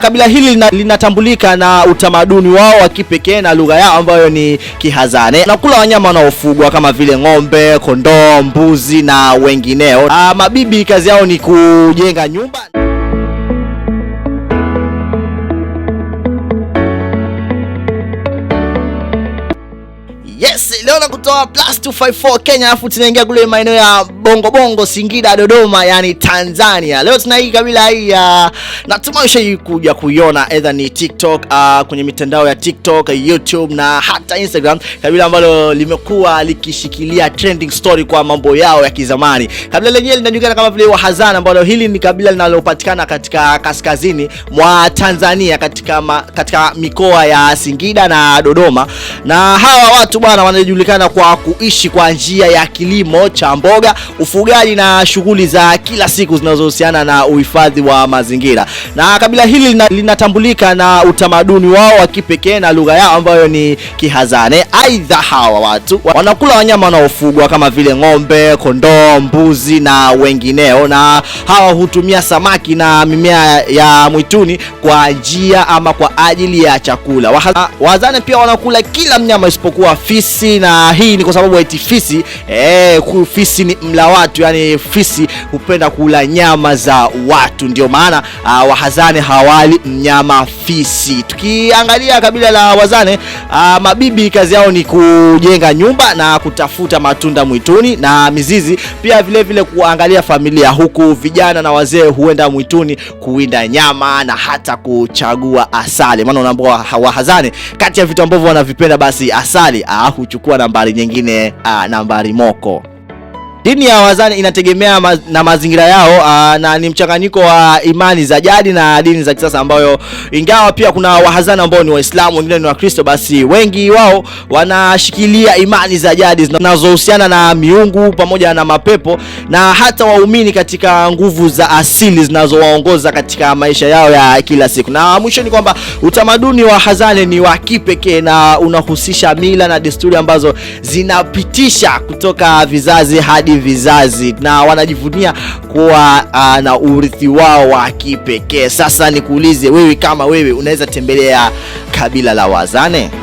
Kabila hili linatambulika na utamaduni wao wa kipekee na lugha yao ambayo ni Kihazane na kula wanyama wanaofugwa kama vile ng'ombe, kondoo, mbuzi na wengineo. Ah, mabibi kazi yao ni kujenga nyumba. Yes, leo na kutoa plus 254 Kenya, alafu tunaingia kule maeneo ya bongo bongo, Singida, Dodoma, yani Tanzania. Leo tuna hii kabila ah, hii ya natumai ushaikuja kuiona either ni TikTok uh, kwenye mitandao ya TikTok, YouTube na hata Instagram, kabila ambalo limekuwa likishikilia trending story kwa mambo yao ya kizamani. Kabila lenyewe linajulikana kama vile Wahazana, ambalo hili ni kabila linalopatikana katika kaskazini mwa Tanzania katika, ma, katika mikoa ya Singida na Dodoma, na hawa watu bwana wanajulikana kwa kuishi kwa njia ya kilimo cha mboga ufugaji na shughuli za kila siku zinazohusiana na uhifadhi wa mazingira. Na kabila hili linatambulika na utamaduni wao wa kipekee na lugha yao ambayo ni Kihazane. Aidha, hawa watu wanakula wanyama wanaofugwa kama vile ng'ombe, kondoo, mbuzi na wengineo, na hawa hutumia samaki na mimea ya mwituni kwa njia ama kwa ajili ya chakula. Wahazane pia wanakula kila mnyama isipokuwa fisi, na hii ni kwa sababu eti fisi eh, fisi ni mla watu, yani fisi hupenda kula nyama za watu, ndio maana uh, Wahazane hawali mnyama fisi. Tukiangalia kabila la Wazane uh, ah, mabibi kazi yao ni kujenga nyumba na kutafuta matunda mwituni na mizizi, pia vile vile kuangalia familia, huku vijana na wazee huenda mwituni kuwinda nyama na hata kuchagua asali, maana unaambiwa Wahazane kati ya vitu ambavyo wanavipenda basi asali, ah, huchukua nambari nyingine, uh, nambari moko. Dini ya Wazani inategemea ma na mazingira yao aa, ah, na ni mchanganyiko wa imani za jadi na dini za kisasa, ambayo ingawa pia kuna Wahazani ambao ni Waislamu, wengine ni Wakristo, basi wengi wao wanashikilia imani za jadi zinazohusiana na miungu pamoja na mapepo na hata waumini katika nguvu za asili zinazowaongoza katika maisha yao ya kila siku. Na mwisho ni kwamba utamaduni wa Hazani ni wa kipekee na unahusisha mila na desturi ambazo zinapitisha kutoka vizazi hadi hadi vizazi na wanajivunia kuwa uh, na urithi wao wa kipekee. Sasa nikuulize wewe, kama wewe unaweza tembelea kabila la Wazane?